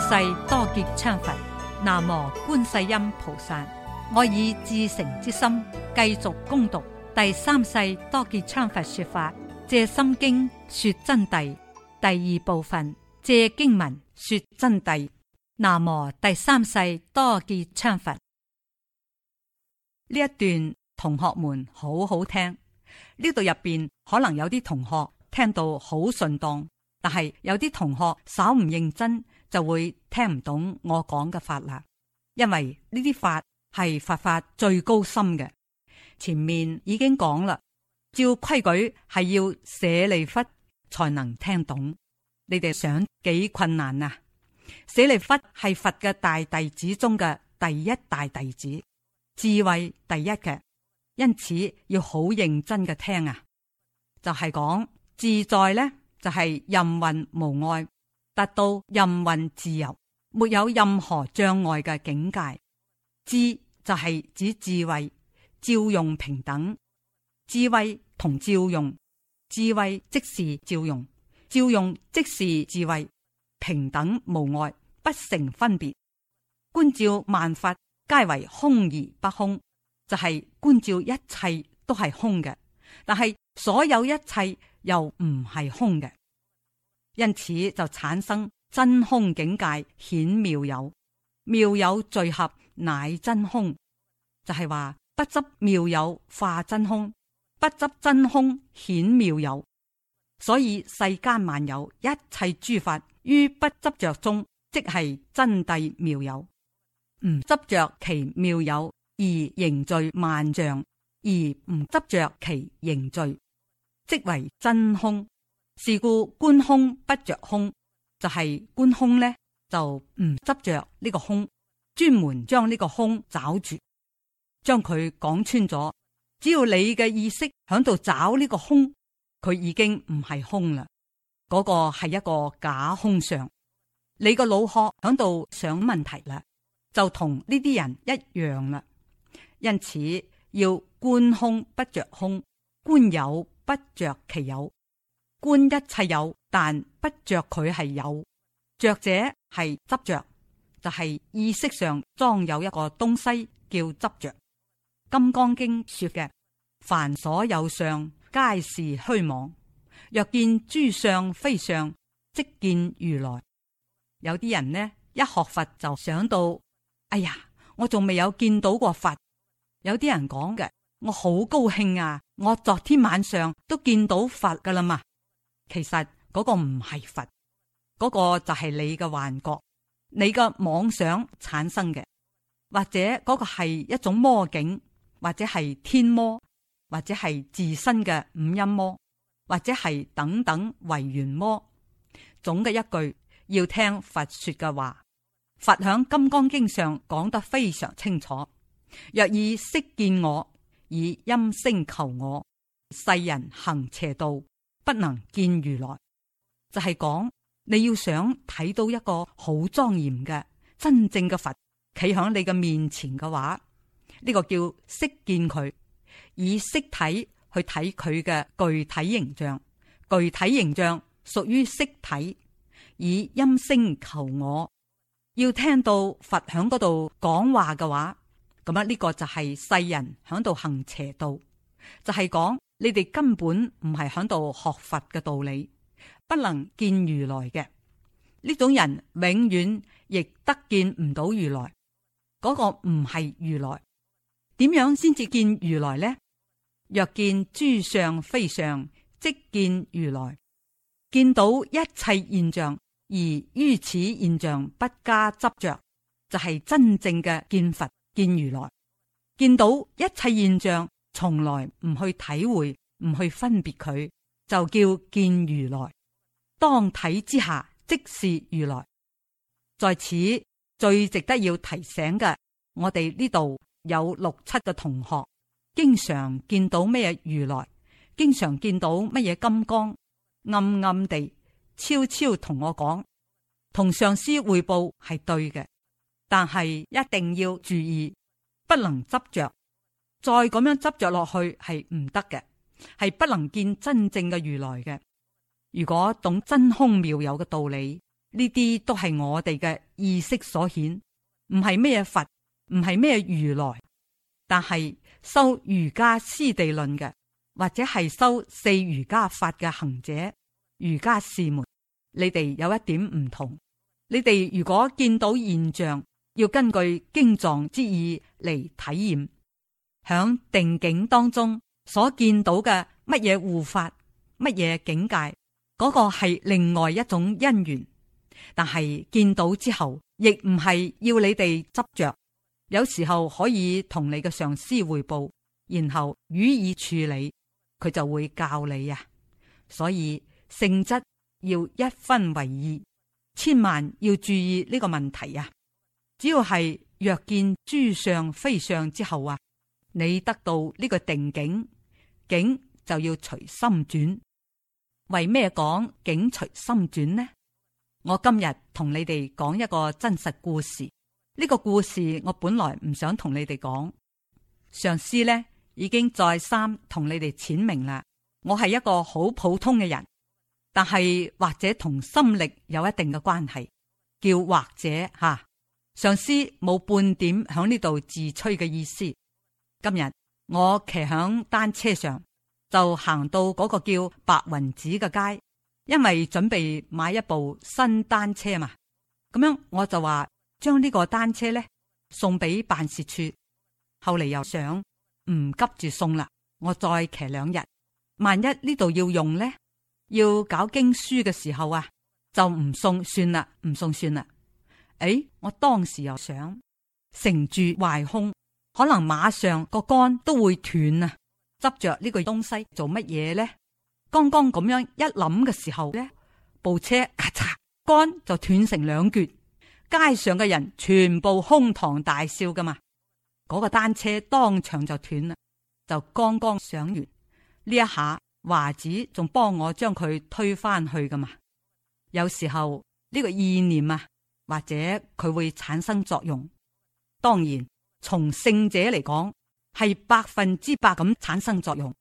世多杰羌佛，南無觀世音菩薩。我以至誠之心繼續攻讀第三世多杰羌佛說法，借心經說真諦第二部分，借經文說真諦。南無第三世多杰羌佛，呢一段同學們好好聽。呢度入邊可能有啲同學聽到好順當，但係有啲同學稍唔認真，就會聽唔懂我講嘅法啦，因為呢啲法係佛法最高深嘅。前面已經講啦，照規矩係要舍利弗才能聽懂。你哋想幾困難啊？舍利弗係佛嘅大弟子中嘅第一大弟子，智慧第一嘅，因此要好認真嘅聽啊。就係講自在咧，就係、是、任運無礙。達到任運自由，沒有任何障礙嘅境界。智就係指智慧照用平等，智慧同照用，智慧即是照用，照用即是智慧，平等無礙，不成分別。觀照萬法皆為空而不空，就係、是、觀照一切都係空嘅，但係所有一切又唔係空嘅。因此就產生真空境界顯妙有，妙有聚合乃真空，就係、是、話不執妙有化真空，不執真空顯妙有。所以世間萬有一切諸法於不執着中，即係真諦妙有。唔執着其妙有而凝聚萬象；而唔執着其凝聚，即為真空。是故觀空不着空，就係、是、觀空咧就唔執着呢個空，專門將呢個空找住，將佢講穿咗。只要你嘅意識響度找呢個空，佢已經唔係空啦，嗰、那個係一個假空相。你個腦殼響度想問題啦，就同呢啲人一樣啦。因此要觀空不着空，觀有不着其有。觀一切有，但不着佢係有，着者係執着，就係意識上裝有一個東西叫執着。《金剛經》說嘅，凡所有相，皆是虛妄。若見諸相非相，即見如來。有啲人呢，一學佛就想到，哎呀，我仲未有見到過佛。有啲人講嘅，我好高興啊！我昨天晚上都見到佛噶啦嘛。其實嗰個唔係佛，嗰個就係你嘅幻覺，你嘅妄想產生嘅，或者嗰個係一種魔境，或者係天魔，或者係自身嘅五陰魔，或者係等等為緣魔。總嘅一句，要聽佛說嘅話，佛響《金剛經》上講得非常清楚：若以色見我，以音聲求我，世人行邪道。不能見如來，就係、是、講你要想睇到一個好莊嚴嘅真正嘅佛企響你嘅面前嘅話，呢、這個叫識見佢，以色體去睇佢嘅具體形象。具體形象屬於色體，以音聲求我，要聽到佛響嗰度講話嘅話，咁啊呢個就係世人響度行邪道，就係講。你哋根本唔係響度學佛嘅道理，不能見如來嘅呢種人，永遠亦得見唔到如來。嗰個唔係如來，點樣先至見如來呢？若見諸相非相，即見如來。見到一切現象，而於此現象不加執着，就係真正嘅見佛、見如來。見到一切現象。從來唔去體會，唔去分別佢，就叫見如來。當體之下，即是如來。在此最值得要提醒嘅，我哋呢度有六七個同學，經常見到咩嘢如來，經常見到乜嘢金剛，暗暗地悄悄同我講，同上司匯報係對嘅，但係一定要注意，不能執着。再咁樣執着落去係唔得嘅，係不，不能見真正嘅如來嘅。如果懂真空妙有嘅道理，呢啲都係我哋嘅意識所顯，唔係咩佛，唔係咩如來。但係修瑜伽師地論嘅，或者係修四瑜伽法嘅行者、瑜伽士們，你哋有一點唔同。你哋如果見到現象，要根據經藏之意嚟體驗。喺定境當中所見到嘅乜嘢護法，乜嘢境界，嗰個係另外一種因緣。但係見到之後，亦唔係要你哋執着。有時候可以同你嘅上司匯報，然後予以處理，佢就會教你啊。所以性質要一分為二，千萬要注意呢個問題啊。只要係若見諸相非相之後啊。你得到呢個定境，境就要隨心轉。為咩講境隨心轉呢？我今日同你哋講一個真實故事。呢、這個故事我本來唔想同你哋講，上司咧已經再三同你哋淺明啦。我係一個好普通嘅人，但係或者同心力有一定嘅關係，叫或者吓、啊、上司冇半點響呢度自吹嘅意思。今日我騎響單車上，就行到嗰個叫白雲寺嘅街，因為準備買一部新單車嘛，咁樣我就話將呢個單車咧送俾辦事處，後嚟又想唔急住送啦，我再騎兩日，萬一呢度要用呢，要搞經書嘅時候啊，就唔送算啦，唔送算啦。誒、欸，我當時又想成住壞空。可能馬上個杆都會斷啊！執着呢個東西做乜嘢呢？剛剛咁樣一諗嘅時候咧，部車咔嚓、啊、杆就斷成兩橛，街上嘅人全部哄堂大笑噶嘛！嗰、那個單車當場就斷啦，就剛剛上完呢一下，華子仲幫我將佢推返去噶嘛？有時候呢、這個意念啊，或者佢會產生作用，當然。從聖者嚟講，係百分之百咁產生作用。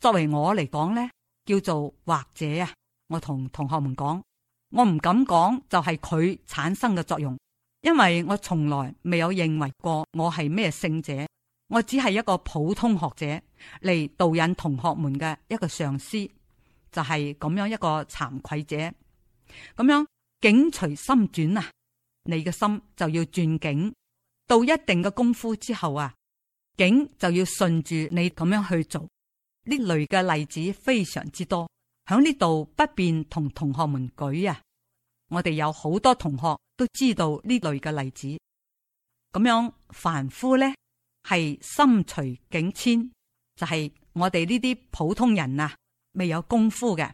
作為我嚟講呢叫做或者啊，我同同學們講，我唔敢講就係佢產生嘅作用，因為我從來未有認為過我係咩聖者，我只係一個普通學者嚟導引同學們嘅一個上司，就係咁樣一個慚愧者。咁樣境隨心轉啊，你嘅心就要轉境。到一定嘅功夫之後啊，境就要順住你咁樣去做。呢類嘅例子非常之多，喺呢度不便同同學們舉啊。我哋有好多同學都知道呢類嘅例子。咁樣凡夫咧係心隨境遷，就係、是、我哋呢啲普通人啊，未有功夫嘅，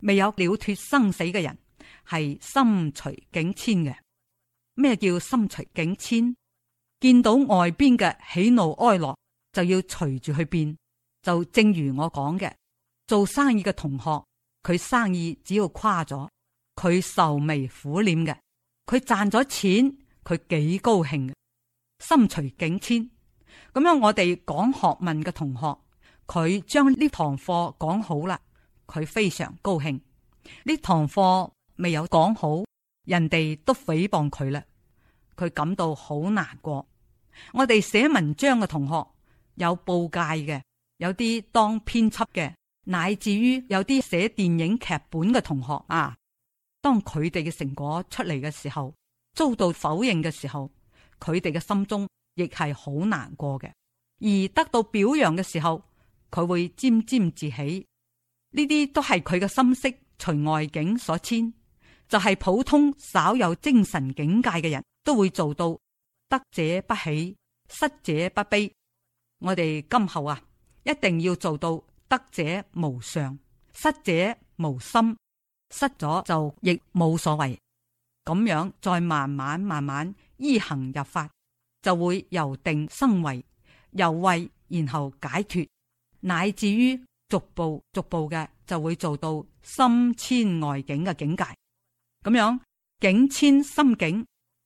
未有了脫生死嘅人，係心隨境遷嘅。咩叫心隨境遷？見到外邊嘅喜怒哀樂就要隨住去變，就正如我講嘅，做生意嘅同學，佢生意只要垮咗，佢愁眉苦臉嘅；佢賺咗錢，佢幾高興嘅，心隨境遷。咁樣我哋講學問嘅同學，佢將呢堂課講好啦，佢非常高興；呢堂課未有講好，人哋都誹謗佢啦，佢感到好難過。我哋寫文章嘅同學，有報界嘅，有啲當編輯嘅，乃至於有啲寫電影劇本嘅同學啊。當佢哋嘅成果出嚟嘅時候，遭到否認嘅時候，佢哋嘅心中亦係好難過嘅。而得到表揚嘅時候，佢會沾沾自喜。呢啲都係佢嘅心識隨外境所遷，就係、是、普通稍有精神境界嘅人都會做到。得者不喜，失者不悲。我哋今後啊，一定要做到得者無常，失者無心，失咗就亦冇所謂。咁樣再慢慢慢慢依行入法，就會由定生慧，由慧然後解脫，乃至於逐步逐步嘅就會做到心遷外境嘅境界。咁樣境遷心境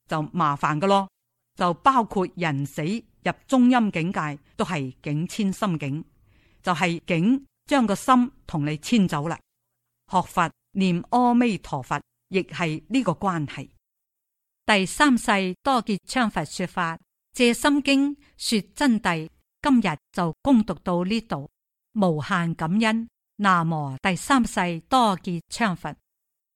就麻煩噶咯。就包括人死入中陰境界都係境遷心境，就係、是、境將個心同你遷走啦。學佛念阿彌陀佛亦係呢個關係。第三世多杰羌佛說法《藉心經》說真諦，今日就恭讀到呢度，無限感恩。那麼第三世多杰羌佛。